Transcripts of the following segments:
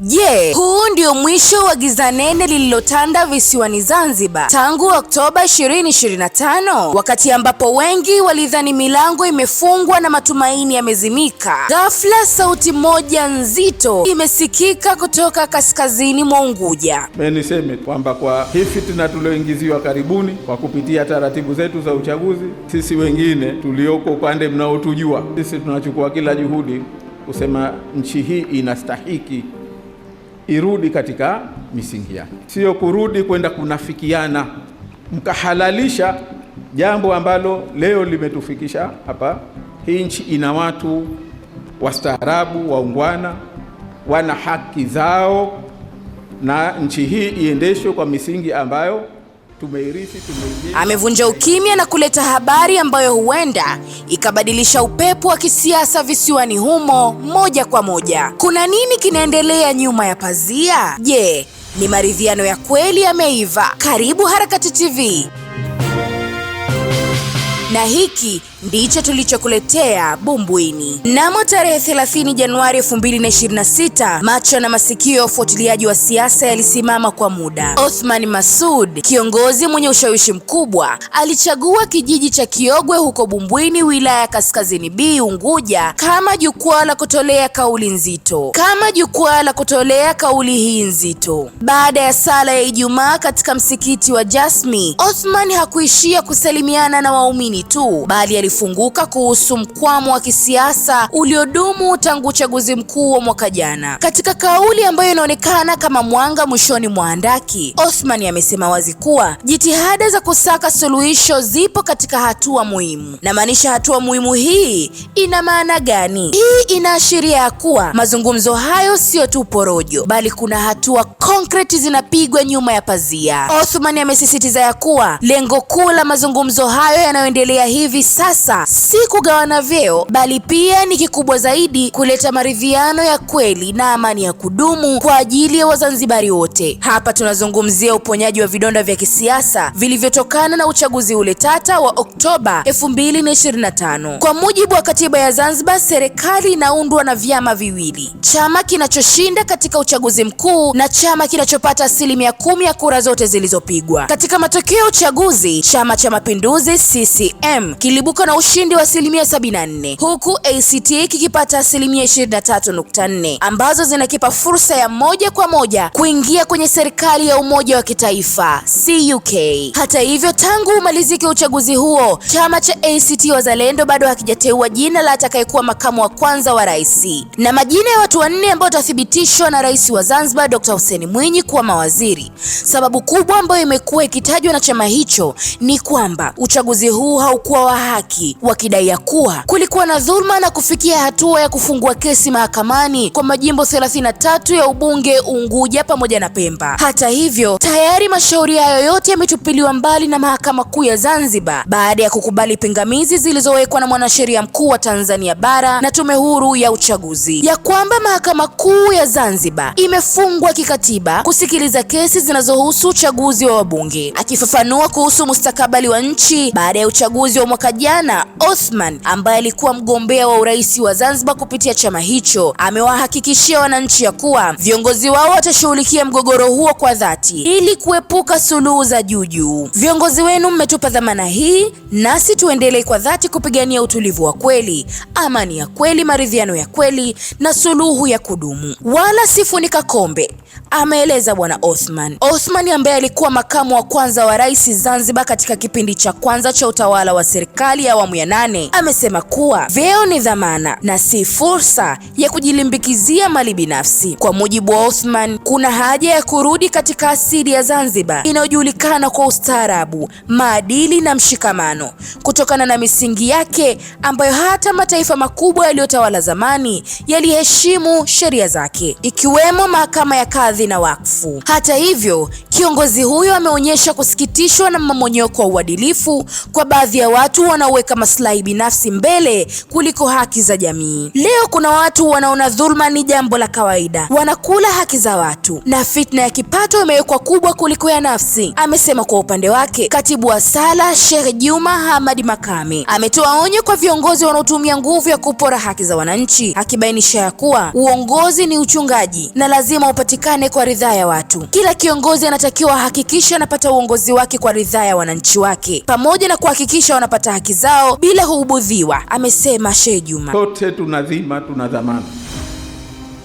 Je, yeah, huu ndio mwisho wa giza nene lililotanda visiwani Zanzibar tangu Oktoba 2025 wakati ambapo wengi walidhani milango imefungwa na matumaini yamezimika. Ghafla sauti moja nzito imesikika kutoka kaskazini mwa Unguja. Mimi niseme kwamba kwa hii fitina tulioingiziwa karibuni kwa kupitia taratibu zetu za uchaguzi, sisi wengine tulioko upande mnaotujua, sisi tunachukua kila juhudi kusema nchi hii inastahiki irudi katika misingi yake, sio kurudi kwenda kunafikiana mkahalalisha jambo ambalo leo limetufikisha hapa. Hii nchi ina watu wastaarabu, waungwana, wana haki zao, na nchi hii iendeshwe kwa misingi ambayo tumeirithi, tumeirithi. Amevunja ukimya na kuleta habari ambayo huenda ikabadilisha upepo wa kisiasa visiwani humo moja kwa moja. Kuna nini kinaendelea nyuma ya pazia? Je, ni maridhiano ya kweli yameiva? Karibu Harakati TV na hiki ndicho tulichokuletea Bumbwini. Mnamo tarehe 30 Januari 2026, macho na masikio ya ufuatiliaji wa siasa yalisimama kwa muda. Othman Masud, kiongozi mwenye ushawishi mkubwa, alichagua kijiji cha Kiogwe huko Bumbwini, wilaya ya Kaskazini B, Unguja, kama jukwaa la kutolea kauli nzito, kama jukwaa la kutolea kauli hii nzito. Baada ya sala ya Ijumaa katika msikiti wa Jasmi, Othman hakuishia kusalimiana na waumini tu, bali kufunguka kuhusu mkwamo wa kisiasa uliodumu tangu uchaguzi mkuu wa mwaka jana. Katika kauli ambayo inaonekana kama mwanga mwishoni mwa andaki, Othman amesema wazi kuwa jitihada za kusaka suluhisho zipo katika hatua muhimu. Namaanisha hatua muhimu hii ina maana gani? Hii inaashiria ya kuwa mazungumzo hayo sio tu porojo, bali kuna hatua konkreti zinapigwa nyuma ya pazia. Othman amesisitiza ya kuwa lengo kuu la mazungumzo hayo yanayoendelea hivi sasa sasa si kugawana vyeo, bali pia ni kikubwa zaidi kuleta maridhiano ya kweli na amani ya kudumu kwa ajili ya Wazanzibari wote. Hapa tunazungumzia uponyaji wa vidonda vya kisiasa vilivyotokana na uchaguzi ule tata wa Oktoba 2025. Kwa mujibu wa katiba ya Zanzibar, serikali inaundwa na vyama viwili, chama kinachoshinda katika uchaguzi mkuu na chama kinachopata asilimia kumi ya kura zote zilizopigwa. Katika matokeo ya uchaguzi, Chama cha Mapinduzi CCM kilibuka na ushindi wa asilimia 74 huku ACT kikipata asilimia 23.4 ambazo zinakipa fursa ya moja kwa moja kuingia kwenye serikali ya umoja wa kitaifa CUK. Hata hivyo, tangu umalizike uchaguzi huo, chama cha ACT Wazalendo bado hakijateua jina la atakayekuwa makamu wa kwanza wa rais na majina ya watu wanne ambao watathibitishwa na rais wa Zanzibar Dr. Hussein Mwinyi kuwa mawaziri. Sababu kubwa ambayo imekuwa ikitajwa na chama hicho ni kwamba uchaguzi huu haukuwa wa haki haki wakidai ya kuwa kulikuwa na dhuluma na kufikia hatua ya kufungua kesi mahakamani kwa majimbo 33 ya ubunge Unguja pamoja na Pemba. Hata hivyo, tayari mashauri hayo yote yametupiliwa mbali na Mahakama Kuu ya Zanzibar baada ya kukubali pingamizi zilizowekwa na mwanasheria mkuu wa Tanzania Bara na Tume Huru ya Uchaguzi ya kwamba Mahakama Kuu ya Zanzibar imefungwa kikatiba kusikiliza kesi zinazohusu uchaguzi wa wabunge. Akifafanua kuhusu mustakabali wa nchi baada ya uchaguzi wa mwaka jana Gavana Othman ambaye alikuwa mgombea wa urais wa Zanzibar kupitia chama hicho amewahakikishia wananchi ya kuwa viongozi wao watashughulikia mgogoro huo kwa dhati ili kuepuka suluhu za juujuu. Viongozi wenu mmetupa dhamana hii, nasi tuendelee kwa dhati kupigania utulivu wa kweli, amani ya kweli, maridhiano ya kweli na suluhu ya kudumu, wala sifunika kombe ameeleza Bwana Othman. Othman ambaye alikuwa makamu wa kwanza wa rais Zanzibar katika kipindi cha kwanza cha utawala wa serikali ya awamu ya nane amesema kuwa vyeo ni dhamana na si fursa ya kujilimbikizia mali binafsi. Kwa mujibu wa Othman, kuna haja ya kurudi katika asili ya Zanzibar inayojulikana kwa ustaarabu, maadili na mshikamano kutokana na misingi yake ambayo hata mataifa makubwa yaliyotawala zamani yaliheshimu sheria zake ikiwemo mahakama ya hifadhi na wakfu. Hata hivyo, kiongozi huyo ameonyesha kusikitishwa na mmomonyoko wa uadilifu kwa baadhi ya watu wanaoweka maslahi binafsi mbele kuliko haki za jamii. Leo kuna watu wanaona dhulma ni jambo la kawaida, wanakula haki za watu na fitna ya kipato imewekwa kubwa kuliko ya nafsi, amesema. Kwa upande wake, katibu wa Sala Sheikh Juma Hamad Makame ametoa onyo kwa viongozi wanaotumia nguvu ya kupora haki za wananchi, akibainisha ya kuwa uongozi ni uchungaji na lazima upatikane ajulikane kwa ridhaa ya watu. Kila kiongozi anatakiwa ahakikishe anapata uongozi wake kwa ridhaa ya wananchi wake, pamoja na kuhakikisha wanapata haki zao bila kuubudhiwa, amesema Sheikh Juma. Sote tuna dhima, tuna dhamana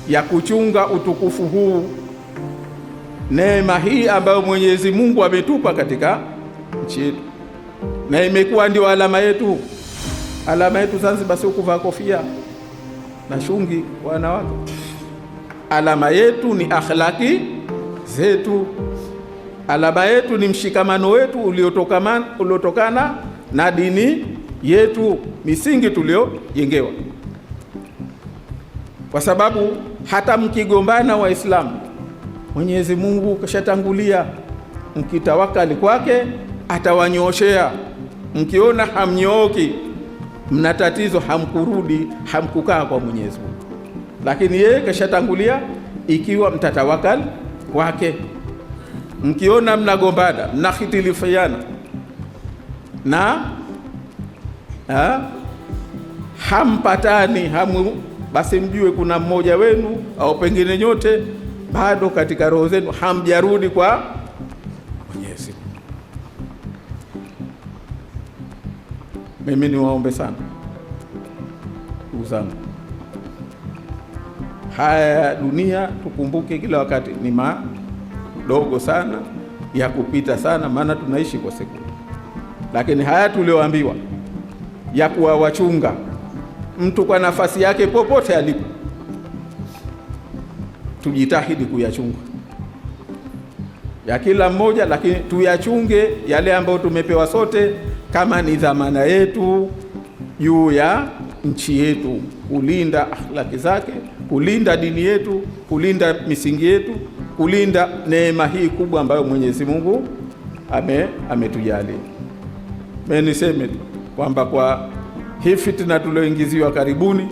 ya kuchunga utukufu huu, neema hii ambayo Mwenyezi Mungu ametupa katika nchi yetu, na imekuwa ndio alama yetu. Alama yetu Zanzibar sio kuvaa kofia na shungi wanawake alama yetu ni akhlaki zetu, alama yetu ni mshikamano wetu uliotokana na dini yetu, misingi tuliyojengewa, kwa sababu hata mkigombana Waislamu, Mwenyezi Mungu kashatangulia, mkitawakali kwake atawanyooshea. Mkiona hamnyooki, mna tatizo, hamkurudi, hamkukaa kwa Mwenyezi Mungu lakini yeye kashatangulia. Ikiwa mtatawakal kwake, mkiona mnagombana, mnahitilifiana na ha, hampatani hamu, basi mjue kuna mmoja wenu au pengine nyote bado katika roho zenu hamjarudi kwa Mwenyezi. Mimi niwaombe sana ndugu zangu haya ya dunia tukumbuke kila wakati ni madogo sana, ya kupita sana, maana tunaishi kwa sekunde. Lakini haya tulioambiwa ya kuwa wachunga mtu kwa nafasi yake popote alipo, tujitahidi kuyachunga ya kila mmoja, lakini tuyachunge yale ambayo tumepewa sote kama ni dhamana yetu juu ya nchi yetu, kulinda akhlaki zake kulinda dini yetu, kulinda misingi yetu, kulinda neema hii kubwa ambayo Mwenyezi Mungu ame ametujali. Mimi niseme kwamba kwa hii fitna tulioingiziwa karibuni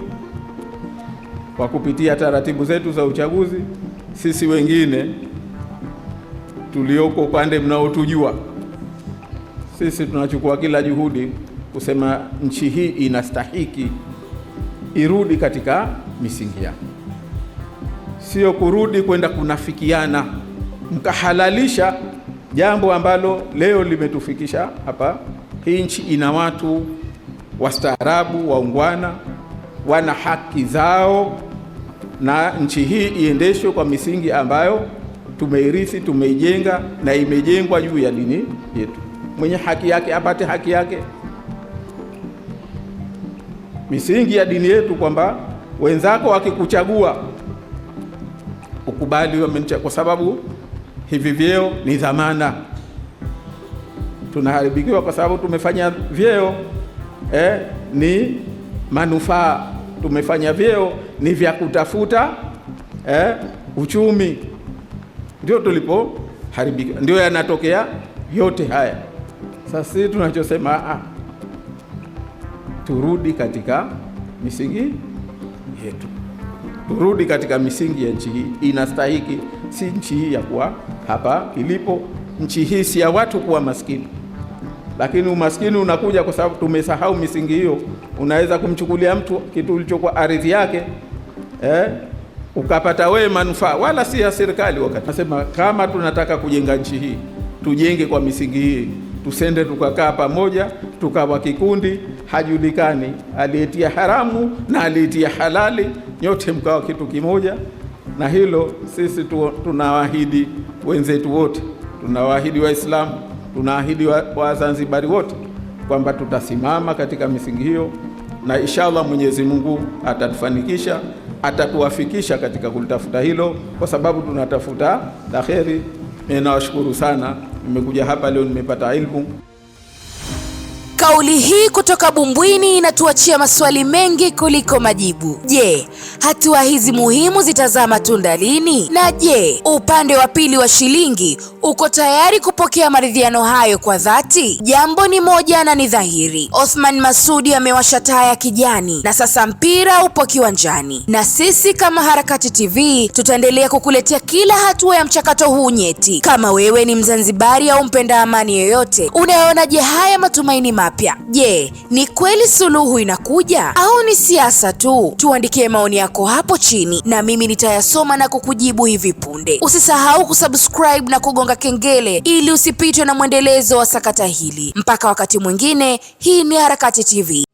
kwa kupitia taratibu zetu za uchaguzi, sisi wengine tulioko upande mnaotujua sisi tunachukua kila juhudi kusema nchi hii inastahiki irudi katika misingi yake sio kurudi kwenda kunafikiana, mkahalalisha jambo ambalo leo limetufikisha hapa. Hii nchi ina watu wastaarabu, waungwana, wana haki zao, na nchi hii iendeshwe kwa misingi ambayo tumeirithi, tumeijenga na imejengwa juu ya dini yetu. Mwenye haki yake apate haki yake, misingi ya dini yetu, kwamba wenzako wakikuchagua ukubali wamencha, kwa sababu hivi vyeo ni dhamana. Tunaharibikiwa kwa sababu tumefanya vyeo eh, ni manufaa, tumefanya vyeo ni vya kutafuta eh, uchumi, ndio haribika, ndio yanatokea yote haya. Sasa sisi tunachosema ah, turudi katika misingi yetu turudi katika misingi ya nchi hii. Inastahiki, si nchi hii ya kuwa hapa ilipo. Nchi hii si ya watu kuwa maskini, lakini umaskini unakuja kwa sababu tumesahau misingi hiyo. Unaweza kumchukulia mtu kitu kilichokuwa ardhi yake eh, ukapata wewe manufaa, wala si ya serikali. Wakati nasema kama tunataka kujenga nchi hii, tujenge kwa misingi hii tusende tukakaa pamoja tukawa kikundi, hajulikani aliyetia haramu na aliyetia halali, nyote mkawa kitu kimoja. Na hilo sisi tu, tunawaahidi wenzetu wote, tunawaahidi Waislamu, tunaahidi Wazanzibari wa wote kwamba tutasimama katika misingi hiyo, na inshallah Mwenyezi Mungu atatufanikisha atatuwafikisha katika kulitafuta hilo, kwa sababu tunatafuta la kheri. Ninawashukuru sana. Nimekuja hapa leo nimepata ilmu. Kauli hii kutoka Bumbwini inatuachia maswali mengi kuliko majibu. Je, hatua hizi muhimu zitazaa matunda lini? Na je, upande wa pili wa shilingi uko tayari kupokea maridhiano hayo kwa dhati? Jambo ni moja na ni dhahiri, Othman Masudi amewasha taa ya kijani na sasa mpira upo kiwanjani, na sisi kama Harakati TV tutaendelea kukuletea kila hatua ya mchakato huu nyeti. Kama wewe ni Mzanzibari au mpenda amani yoyote, unayoona je haya matumaini mapya mpya. Je, ni kweli suluhu inakuja au ni siasa tu? Tuandikie maoni yako hapo chini na mimi nitayasoma na kukujibu hivi punde. Usisahau kusubscribe na kugonga kengele ili usipitwe na mwendelezo wa sakata hili. Mpaka wakati mwingine, hii ni Harakati TV.